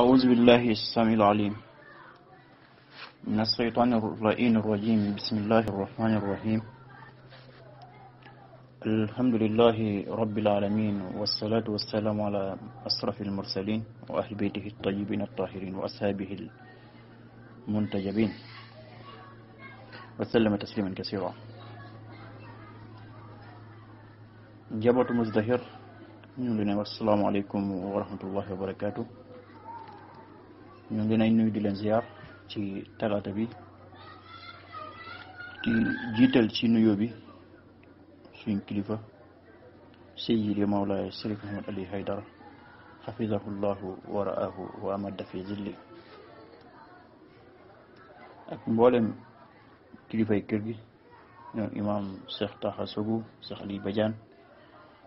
أعوذ بالله السميع العليم من الشيطان اللئيم الرجيم بسم الله الرحمن الرحيم الحمد لله رب العالمين والصلاة والسلام على أشرف المرسلين وأهل بيته الطيبين الطاهرين وأصحابه المنتجبين وسلم تسليما كثيرا جابة مزدهر السلام عليكم ورحمة الله وبركاته ñoom dinañ nuyu di leen ziar ci talaata bi di jiital ci nuyoo bi suñ kilifa sayyidi mawlaaya Sëriñ Ahmad Ali Haydara xafidahu llahu wa ra'ahu wa amadda fi zilli ak mboolem kilifa kër gi ñoom imam Cheikh Taha Sogu Cheikh Ali Badiane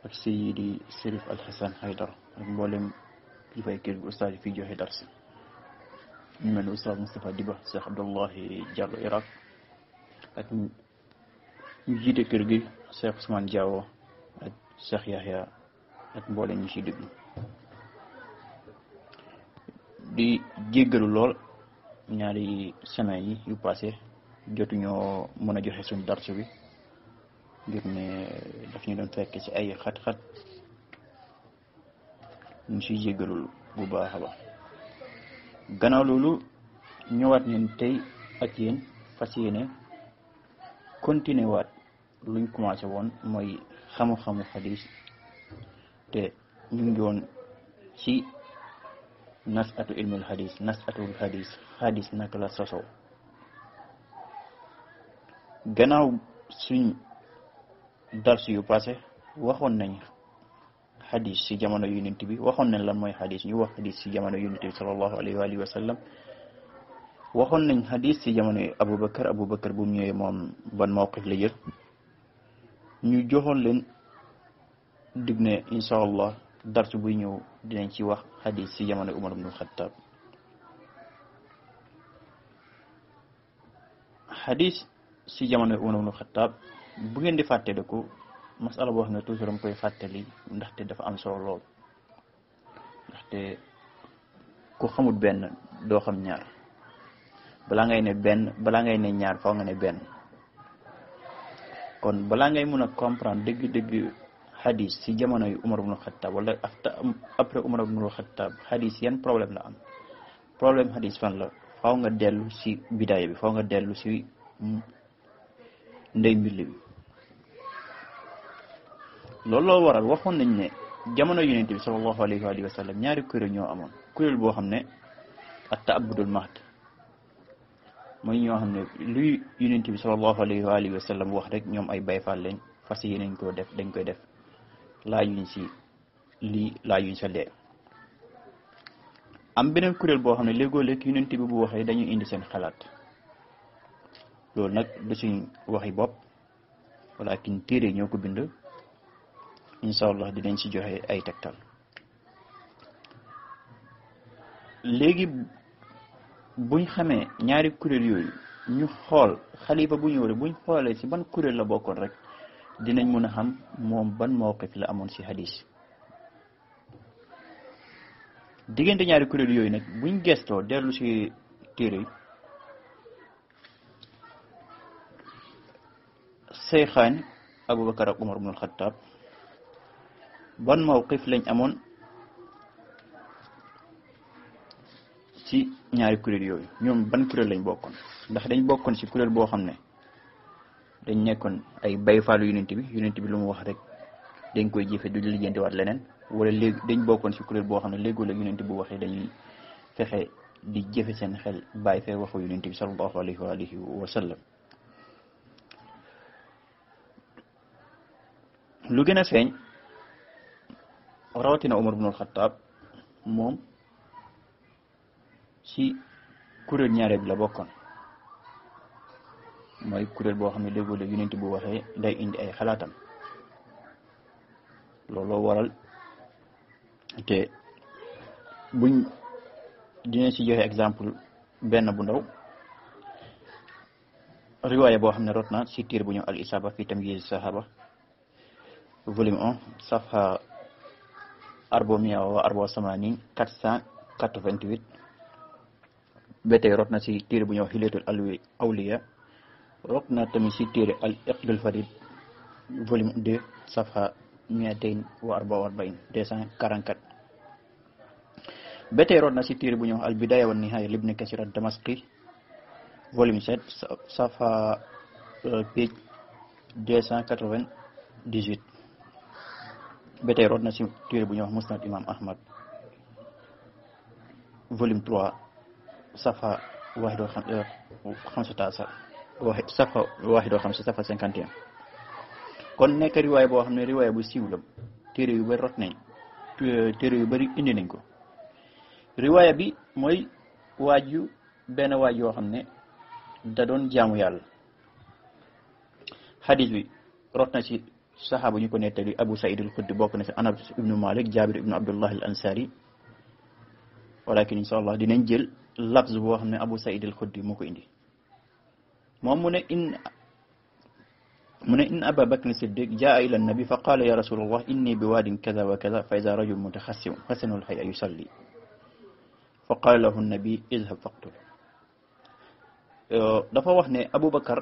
ak sayyidi Serif Al Hassan Haydara ak mboolem kilifay kër gi ustaas fi joxe darsi ñu mel ne Oustaz Moustapha Diba Cheikh Abdullahi Diallo Irak ak ñu jiite kër gi Cheikh Ousmane Diawo ak Cheikh Yahya ak mboole ñu ciy déglu di jéggalu lool ñaari semaine yi yu passé jotuñoo mën a joxe suñu darsu bi ngir ne daf ñu doon fekk ci ay xat-xat ñu ciy jéggalul bu baax a gannaaw loolu ñëwaat ñun tey ak yéen fas yéene continuer waat luñ commencé woon mooy xamu-xamu xadis te ñu ngi woon ci nas atu ilmul xadis nas atul xadis xadis naka la sosoo gannaaw suñ darsu yu passé waxoon nañ xadis si jamono yonent bi waxoon nañ lan mooy xadis ñu wax xadis si jamono yonent bi sallallahu alayhi wa alihi wa sallam waxoon nañ xadis si jamono Aboubacar Aboubacar bu mu ñëwee moom ban mawqif la jël ñu joxoon leen dig ne incha allah darsu buy ñëw dinañ ci wax xadis ci jamono Umar ibn Xattaab xadis si jamono bu ngeen di fàtte masala boo xam ne toujours am koy fàttali ndaxte dafa am solo lool ndaxte ku xamul benn doo xam ñaar balaa ngay ne benn balaa ngay ne ñaar faw nga ne benn kon balaa ngay mën a comprendre dëgg-dëgg xadis ci jamono yu Umar ibn Xattaab wala afta après Umar ibn Xattaab xadis yan problème la am problème xadis fan la faw nga dellu ci bidaay bi faw nga dellu si ndey mbill bi looloo waral waxoon nañ ne jamono yonent bi sallallahu alayhi wa sallam ñaari kuréel ñoo amoon kuréel boo xam ne at taabudul mahd mooy ñoo xam ne luy yonent bi sallallahu alayhi wa sallam wax rek ñoom ay bayfaal lañ fas yéeneen koo def dañ koy def laajuñ si lii laajuñ sa lee am beneen kuréel boo xam ne léegoo léeg yonent bi bu waxee dañu indi seen xalaat loolu nag du suñ waxi bopp walakin téere ñoo ko bind incha allah dinañ ci joxe ay tegtal léegi buñ xamee ñaari kuréel yooyu ñu xool xalifa bu ñëw rek buñ xoolee ci ban kuréel la bokkoon rek dinañ mën a xam moom ban mawqif la amoon ci hadis diggante ñaari kuréel yooyu nag buñ gestoo dellu si téere seyxaan Abubakar ak Umar ibnul Xattaab ban mawqif lañ amoon ci ñaari kuréel yooyu ñoom ban kuréel lañ bokkoon ndax dañ bokkoon si kuréel boo xam ne dañ nekkoon ay bayfaalu yonent bi yonent bi lu mu wax rek dañ koy jëfe du lijjanti waat leneen wala léegi dañ bokkoon ci kuréel boo xam ne léegoo la yonent bu waxee dañuy fexe di jëfe seen xel baay fee waxu yonent bi sallallahu alayhi wa alihi wa sallam lu gën a feeñ rawatina Omar ibnul Xattaab moom si kuréel ñaareel la bokkoon mooy kuréel boo xam ne déggoo léegi yonent bu waxee day indi ay xalaatam looloo waral te buñ dina ci joxe exemple benn bu ndaw riwaaya boo xam ne rot na ci tiir bu ñëw al isaba fi tamyiz sahaba volume 1 safha arbo mia o arbo samani quatre cent quatre vingt huit ba tey na si téere bu ñuy wax xileetul alwi awliya rot na tamit si téere al iqdul farid volume deux safha miatain wa arba wa arbain deux cent quarante quatre ba tey na si téere bu ñuy wax al bidaya wa nihaya libni kasir al damasqi volume sept safha euh, page deux cent quatre vingt dix huit ba root na si téere bu ñuy wax musnad imam ahmad volume 3 safa waaxidoo xam sa taasa wax safa waaxidoo xam sa safa 51 kon nekk riwaay boo xam ne riwaay bu siiw la téere yu bëri rot nañ téere yu bari indi nañ ko riwaaya bi mooy waaj yu benn waaj yoo xam ne da doon jaamu yàlla xadis bi rot na ci saxaaba ñu ko nettali Abu Saïd al-Xudri bokk na fi Anas ibnu Malik Jaabir ibnu Abdullah al-Ansari walakin insha allah dinañ jël lafz boo xam ne Abu Saïd al-Xudri moo ko indi moom mu ne in mu ne in Aba Bakr Siddiq jaa ila nabi fa qaala ya rasulallah inni bi waadin kaza wa kaza fa ida rajul mutaxassim xasanul xaya yusalli fa qaala lahu nabi idhab faqtul dafa wax ne Abu Bakar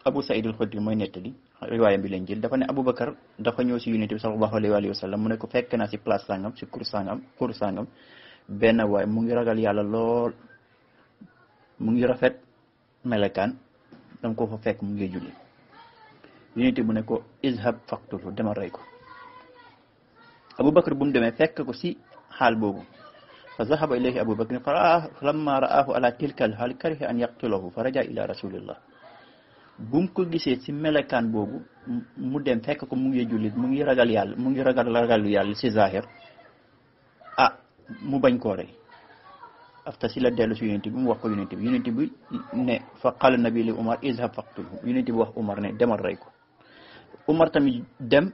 Abu Saïd al mooy nettali riwaayam bi lañ jël dafa ne Aboubacar dafa ñëw si yonent bi sallallahu alayhi wa mu ko fekk naa si place sangam si kur sangam kur sangam benn mu ngi ragal yàlla lool mu ngi rafet melekaan dama ko fa fekk mu ngi julli yonent mu ne ko izhab faqtulu dama rey ko Aboubacar bu mu demee fekk ko si xaal boobu fa zahaba ilayhi Aboubacar ah, fa lamma raahu ala tilka al xaal kariha an yaqtulahu fa raja ila rasulillah bu mu ko gisee ci melekaan boobu mu dem fekk ko mu ngi jullit mu ngi ragal yàlla mu ngi ragal ragal yàlla ci zahir ah mu bañ koo rey afta si la dellu si yonent bi mu wax ko yonent bi yonent bi ne fa qala nabi Umar izhab faqtulhu yonent bi wax Umar ne demal rey ko Umar tamit dem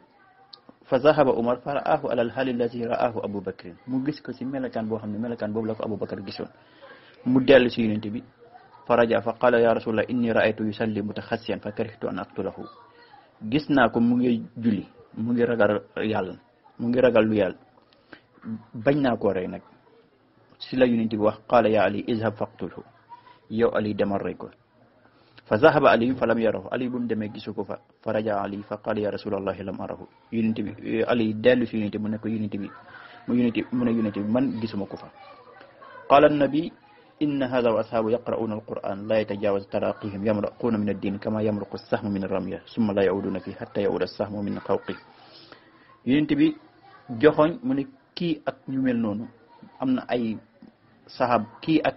fa zahaba Umar fa ra'ahu ala al-hal allazi ra'ahu Abu Bakrin mu gis ko ci melekaan boo xam ne melekaan boobu la ko Abu Bakar gisoon mu dellu si yonent bi faraja fa qala ya rasulullah inni raaytu yusalli mutaxassiyan fa karihtu an aqtulahu gis naa ko mu ngi julli mu ngi ragal yàlla mu ngi ragal lu yàlla bañ naa koo rey nag si la yonent bi wax qala ya ali izhab faqtulhu yow ali demal rey ko fa zahaba ali fa lam yarahu ali bu mu demee gisu ko fa fa raja ali fa qala ya rasulallahi lam arahu yonent bi ali dellu si yonent bi mu ne ko yonent bi mu yonent mu ne yonent bi man gisuma ko fa qala nabi إن هذا وأصحابه يقرؤون القرآن لا يتجاوز تراقيهم يمرقون من الدين كما يمرق السهم من الرمية ثم لا يعودون فيه حتى يعود السهم من قوقه yonent bi joxoñ mu ne kii ak ñu mel noonu am na ay saxaab kii ak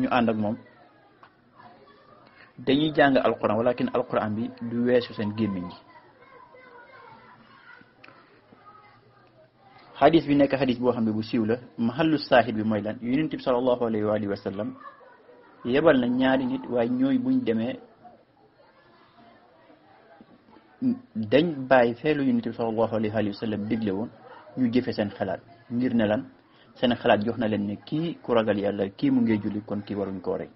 ñu ànd moom dañuy jàng alquran walakin alquran bi du weesu seen gémmiñ gi xadis bi nekk xadis boo xam ne bu siiw la mahallu saahid bi mooy lan yonent bi sallallahu alayhi wa alihi wa yebal na ñaari nit waaye ñooy buñ demee dañ bàyyi feelu yonent bi sallallahu alayhi wa digle woon ñu jëfe seen xalaat ngir ne lan seen xalaat jox na leen ne kii ku ragal yàlla kii mu ngi julli kon kii waruñ koo rey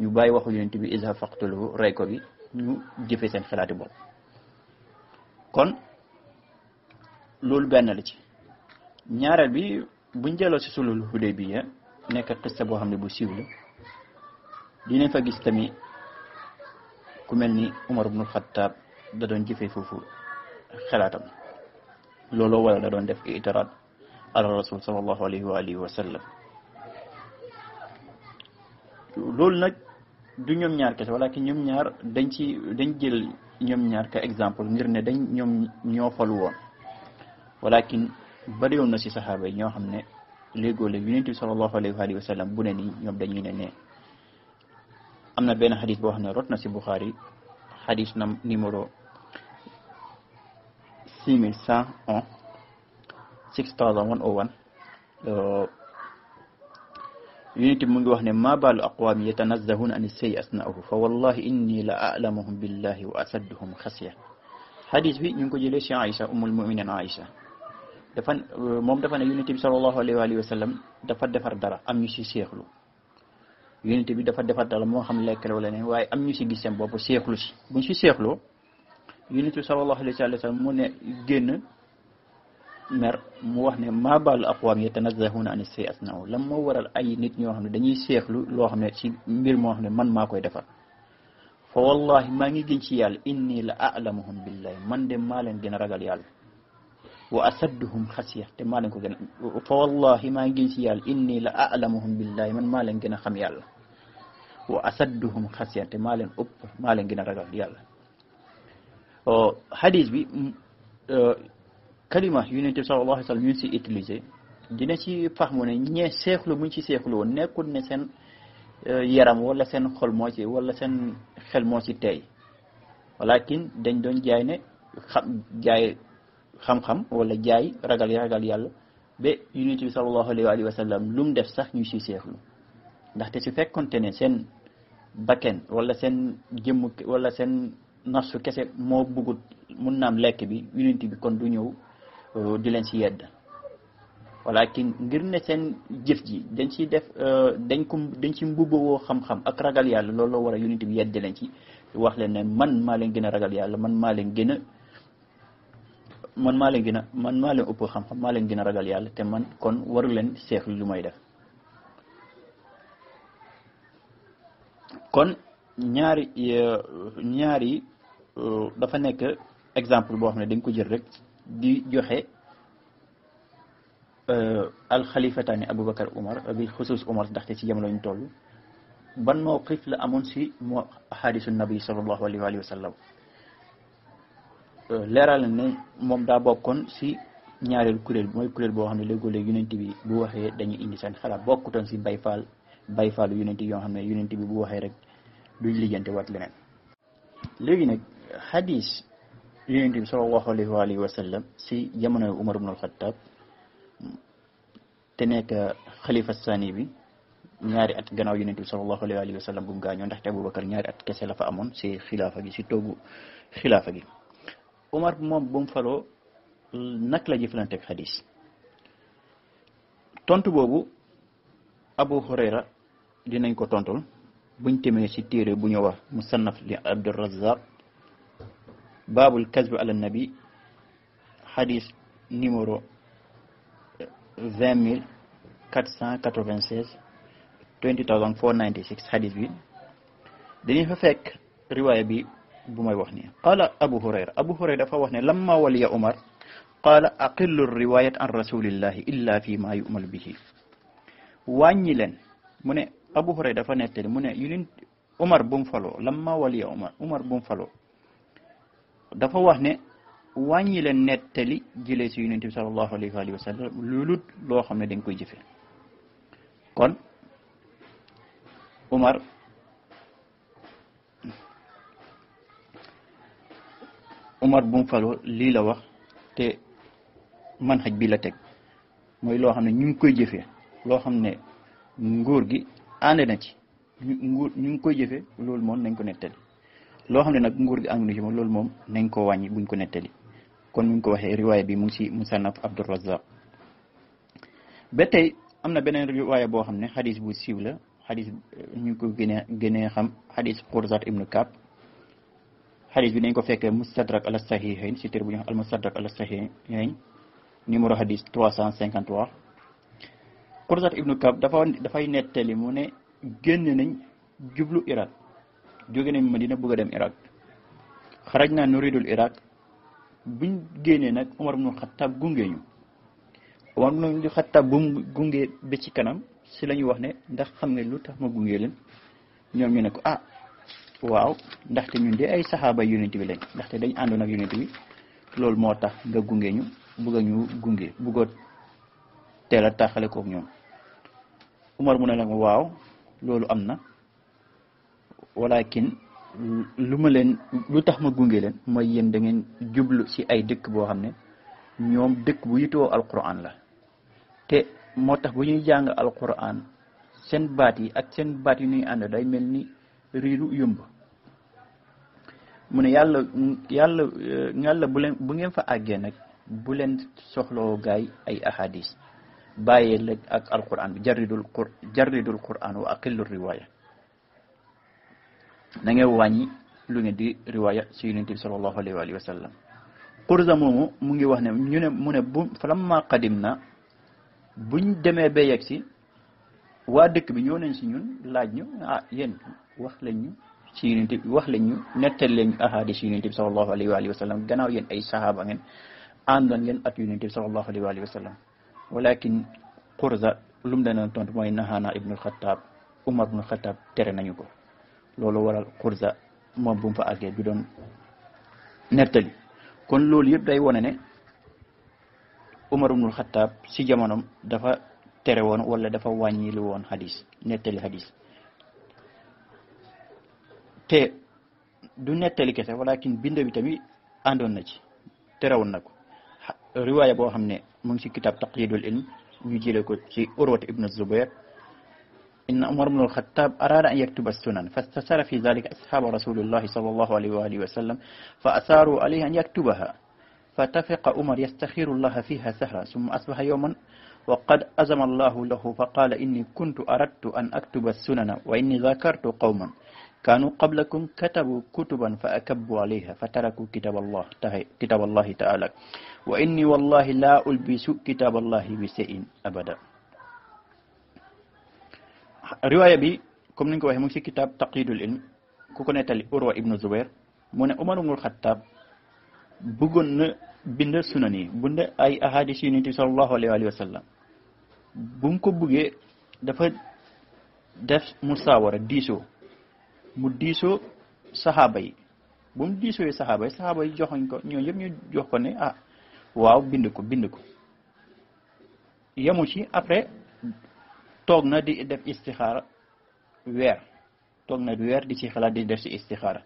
ñu bàyyi waxu yonent bi izha faqtuluhu rey ko bi ñu jëfe seen xalaati bopp kon loolu benn ci ñaareel bi buñ jëloo si sulul Hudaybiya nekk boo xam ne bu siiw la dinañ fa gis tamit ku mel ni Umar ibnul Xattaab da doon jëfee foofu xalaatam looloo wala da doon def itiraat ala rasul sallallahu alayhi wa alihi wa loolu nag du ñoom ñaar kese wala ñoom ñaar dañ ci dañ jël ñoom ñaar ka exemple ngir ne dañ ñoom ñoo woon walakin bari woon na si saxaaba yi ñoo xam ne léegoo-la yonent bi sallallahu alayhi wa sallam bu ne nii ñoom dañuy ne ne am na benn xadis boo xam ne rot na si Buxaari xadis nam numéro six mille cent un thousand one oh one yonent mu ngi wax ne ma baalu aqwaam yatanazzahuna an sey asnaahu fa wallahi inni la alamuhum billahi wa asadduhum xasiya xadis bi ñu ngi ko jëlee si Aïcha umul muminin Aïcha dafa moom dafa ne yonent bi sallallahu alayhi wa sallam dafa defar dara am ñu si seexlu yonent bi dafa defar dara moo xam lekk la wala ne waaye am ñu si gis seen bopp seexlu si buñ si seexloo yonent bi sallallahu alayhi wa sallam mu ne génn mer mu wax ne maa baalu aqwaam yatanazzahuna an sayyi'atin lan moo waral ay nit ñoo xam ne dañuy seexlu loo xam ne ci mbir moo xam ne man maa koy defar fa wallahi maa ngi gën ci yàlla inni la a'lamuhum billahi man dem maa leen gën a ragal yàlla wa asadduhum xasiya te maa leen ko gën a fa wallahi maa ngi ci yàlla inni la alamuhum billahi man maa leen gën a xam yàlla wa asadduhum xasiya te maa leen ëpp maa leen a ragal yàlla hadis bi kalima yonent bi sallallahu alayhi wa sallam ñu si utilisé dina ci faxmu ne ñee seexlu buñ ci seexlu woon nekkul ne seen e, yaram wala seen xol moo wala seen xel moo ci tey walakin jaay ne xam jaay xam-xam wala jaay ragal ragal yàlla ba yonent bi sallallahu alayhi wa sallam lu mu def sax ñu siy seexlu ndaxte su fekkonte ne seen bakken wala seen jëmm wala seen nafsu kese moo bëggut mun naam lekk bi yonent bi kon du ñëw euh, di leen si yedd walakin ngir ne seen jëf ji dañ siy def euh, dañ ko dañ ci mbubboo xam-xam ak ragal yàlla loolu la war a yonent bi yedd leen ci wax leen man maa leen gën a ragal yàlla man maa leen gëna man maa leen gina man ma leen ëpp xam-xam maa leen gina a ragal yàlla te man kon waru leen seexlu lu may def kon ñaari ñaari dafa nekk exemple boo xam ne dañ ko jël rek di joxe alxalifataani Aboubacar Umar bi xusuus Umar ndaxte ci jamono ñu toll ban mawqif la amoon si moo xaadisu nabi sallallahu alayhi wa sallam Euh, leeral na moom daa bokkoon si ñaareelu kuréel mooy kuréel boo xam ne léegoo léegi yonent bi bu waxee dañu indi seen xalaat bokkutoon si bay faal bay faalu yonent yoo xam ne yonent bi bu waxee rek duñ lijjante wat leneen léegi nag xadis yonent bi soo alayhi wa alihi wa sallam si jamonoy Umar ibn al-Khattab te nekk xalifa sani bi ñaari at gannaaw yonent bi sallallahu alayhi wa alihi bu mu gaañoo ndaxte Abubakar ñaari at kese lafa amoon si xilaafa gi si toogu xilaafa gi Umar moom bu mu faloo nag la jëflanteeg xadis tontu boobu Abu Hurayra dinañ ko tontul buñ temee ci téere bu ñu wax musannaf li Abdurazaq baabul kasbi ala nabi xadis numéro vingt mille quatre cent quatre-vingt-seize twenty thousand four ninety six xadis bi dañuy fa fekk riwaaya bi bu may wax nii qaala abu hurayra abu hurayra dafa wax ne lamma waliya umar qaala aqillu riwayat an rasulillahi illa fi ma bihi wàññi leen mu ne abu hurayra dafa nettali mu ne yulin umar bu mu faloo lamma waliya umar umar bu mu dafa wax ne wàññi leen nettali jëlee si yonent wa sallam lulut loo xam ne dañ koy jëfe kon Umar Umar bu mu faloo lii la wax te man xaj bi la teg mooy loo xam ne ñu ngi koy jëfe loo xam ne nguur gi ànd na ci ñu ñu ngi koy jëfee loolu moom nañ ko nettali loo xam ne nag nguur gi ànd na ci moom loolu moom nañ ko wàññi buñ ko nettali kon ñu ko waxee riwaaya bi mu ngi si musannaf Abdurrazzaq ba tey am na beneen riwaaya boo xam ne xadis bu siiw la xadis ñu ko gënee gënee xam xadis Xursat ibnu Kaab xadis bi dañ ko fekkee mustadrak ala sahihayn si téere bu ñu wax al mustadrak ala sahihayn numéro hadis 353 Xursat ibnu Kab dafa dafay nettali mu ne génn nañ jublu Irak jóge nañ Madina bëgg a dem Irak xaraj naa nuridul Irak buñ génnee nag Omar ibnu Xattaab gunge ñu Omar ibnu Xattaab bu mu gungee ba ci kanam si la ñu wax ne ndax xam nga lu tax ma gunge leen ñoom ñu ne ko ah waaw ndaxte ñun de ay saxaaba yonent bi lañ ndaxte dañ àndoon ak yonent bi loolu moo tax nga gunge ñu bugg a ñu gunge buggoo teel a taxale kook ñoom Umar mu ne la waaw loolu am na walakin lu ma leen lu tax ma gunge leen mooy yéen dangeen ngeen jublu ci ay dëkk boo xam ne ñoom dëkk bu yitewoo alquran la te moo tax bu ñuy jàng alquran seen baat yi ak seen baat yi nuy ànd day mel ni riiru yëmb mu ne yàlla yàlla yàlla bu leen bu ngeen fa àggee nag bu leen soxloo gaay ay ahadis bàyyee la ak alquran bi jaridul qur jaridul quran wa aqillu riwaya na wàññi lu ngeen di riwaya si yonent bi sallallahu alayhi wa sallam moomu mu ngi wax ne ñu ne mu ne bu falamma qadim na buñ demee ba yegg si waa dëkk bi ñëw nañ si ñun laaj ñu ah yéen wax lañ ñu si yonente wax lañu nettal lañu ahadis yonente bi salallahu alayhi wa alihi wa sallam gannaaw yéen ay sahaaba ngeen àndoon ngeen at yonente bi wa alihi wa sallam walakin Qurza lu mu danoon tontu mooy nahaana ibnul Xattaab Umar ibnul Xattaab tere nañu ko loolu waral Qurza moom bu fa àggee du doon nettali kon loolu yëpp day wone ne Umar ibnul Xattaab si jamonoom dafa tere woon wala dafa wàññilu woon hadis nettali hadis te du nettali kese walakin bind bi tamit àndoon na ci terawoon na ko riwaaya boo xam ne mu ngi si kitaab taqyidul ilm ñu jële ko ci urwat ibnu zubair inna umar bnu alxatab arada an yaktuba sunan fastasara fi dalika ashaaba rasulillahi sal allahu alayhi wa alihi wa sallam fa asaaru alayhi an yaktubaha فتفق عمر يستخير الله فيها سهرة ثم أصبح يوما وقد أزم الله له فقال إني كنت أردت أن أكتب السنن وإني ذاكرت قوما kaanu qablakum katabu kutuban fa akabbu alayha fa taraku kitab allah ta kitab allahi taala wa inni wallahi la ulbisu kitab allahi bi seyin abada riwaaya bi comme ni ñu ko waxee mu ngi si kitab taqidul ilm ku ko nettali urwa ibnu zubair mu ne umar ibnul xattaab bëggoon na bind sunan yi bind ay ahadis yu nit yi sallallahu alayhi wa sallam bu mu ko bëggee dafa def musaawara diisoo mu diisoo saxaaba yi bu mu diisoo saxaaba yi saxaaba yi joxoñ ko ñoo yëpp ñu jox ko ne ah waaw bind ko bind ko yemu ci après toog na di def istixaara weer toog na di weer di ci xalaat di def si istixaara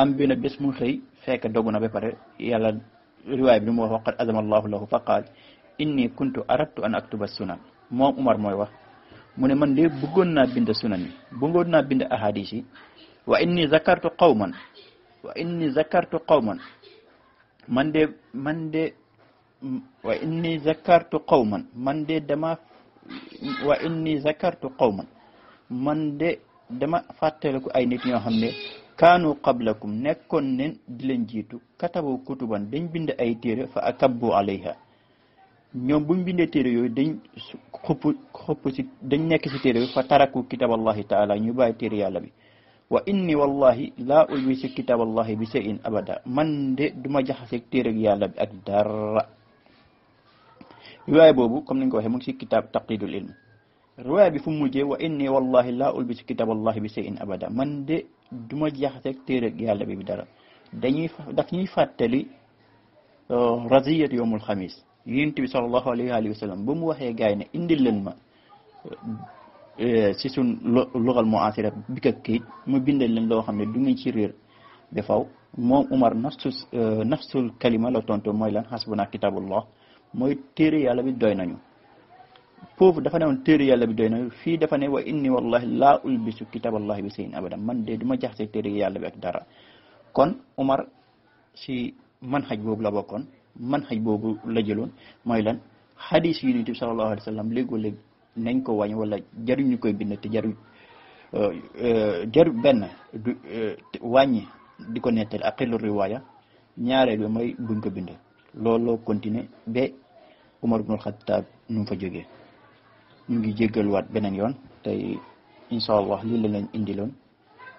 am benn bés mu xëy fekk dogu na ba pare yàlla riwaay bi mu wax waqad azama allahu lahu fa qaal inni kuntu aradtu an aktuba sunan moom Umar mooy wax mu ne man de bëggoon naa bind sunan yi bëggoon naa bind ahadis yi wa inni zakartu qawman wa inni zakartu qawman man de de wa inni zakartu man de dama wa inni zakartu qawman man de dama fàttaliku ay nit ñoo xam ne kaanu qablakum nekkoon nen di leen jiitu katabu kutuban dañ bind ay téere fa akabbu alayha ñoom buñ bindee yooyu xupp xupp ci dañ nekk ci téere bi fa taraku kitaaballahi taala ñu bàyyi téere yàlla bi wa inni wallahi laa ulbisi kitaaballahi bi shay'in abada man de du ma jaxaseeg téere yàlla bi ak dara riwaaya boobu comme ni nga ko waxee mu ngi si kitaab taqlidul ilm riwaaya bi fu mujjee wa inni wallahi laa ulbisi kitaaballahi bi shay'in abada man de du ma jaxaseeg téere yàlla bi bi dara dañuy daf ñuy fàttali euh, raziyat yowmul xamis yonent bi sallallahu alayhi wa sallam ba mu waxee gaay ne leen ma si eh, eh, suñ luxal mu asira bi ka këyit mu bindal leen loo xam ne du ngeen ci réer ba faw moom Umar nafsu eh, nafsul kalima la tontu mooy lan xasbuna kitabullah mooy téere yàlla bi doy nañu foofu dafa ne woon yàlla bi doy nañu fii dafa ne wa inni wallahi laa ulbisu kitaballahi bi sayin abadan man de du ma jaxase téere yàlla bi ak dara kon Umar si manhaj boobu la bokkoon man xaj boobu la jëloon mooy lan xadis yu Yonent bi sallallahu alayhi wa sallam léegoo léeg nañ ko wàññi wala jaruñ ñu koy bind te jaruñ euh, euh, jaru benn du euh, wàññi di ko nettali aqilu riwaaya ñaareel bi mooy buñ ko bind looloo continuer ba Umar ibnul Xattaab ñu ngi fa jógee ñu ngi jéggaluwaat beneen yoon tey incha allah lii la leen indiloon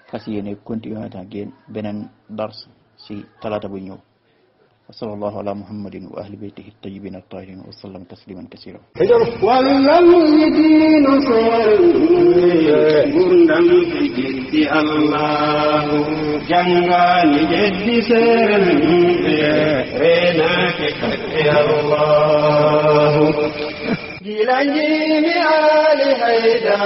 fas yéene continuer ak yéen beneen dars si talaata bu ñëw وصلى الله على محمد وأهل بيته الطيبين الطاهرين وسلم تسليما كثيرا والمجدين مرنم في جد الله جنغا لجد سير ريناك كفي الله جيلاني آل هيدا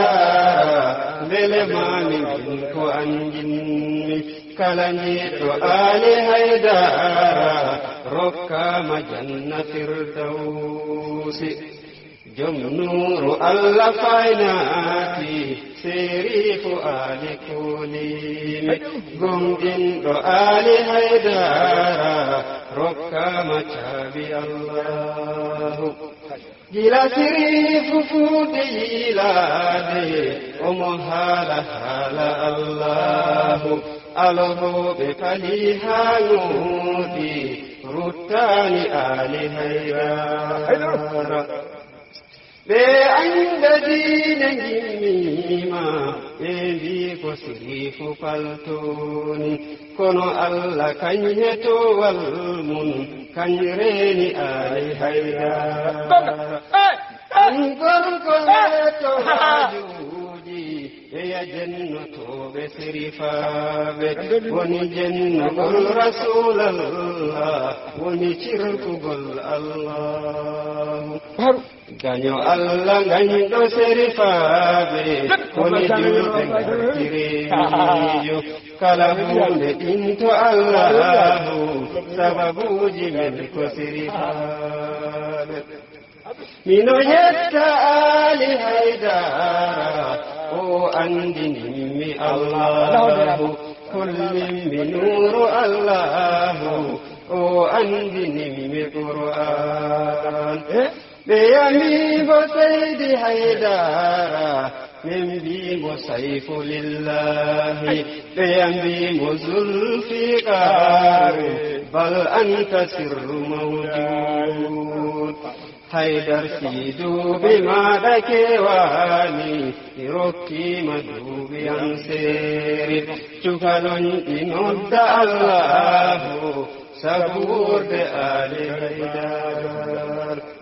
للمان منك أنجنك كلميت آل هيدار ركام جنة الفردوس جم نور ألف عيناتي سيري فؤاد كوليم قم جند آل هيدار ركام شابي الله جلا سري ففودي لادي أمها لها الله أله بقليها يهودي رتان آل هيران بأن دينهم ما endi ko sirifu faltoni kono allah kanye towal mun kanye reni ay هي جنة بسر فابت ونجن قل رسول الله ونشرك قل الله gaño allah gañɗo seri faaɓe woni julɓe gartirijo kala hunde into allahu sababuji men ko seri faaɓe mino yetta ali haydara أندن مي الله كل مي نور الله أندن مي قرآن بيمي بسيد حيدارا من بيم سيف لله بيمي زلفقار بل أنت سر موجود haidar si dubi ma da kewani irokki ma dubi anseri cukalon inodda allahu sabur de ali haidar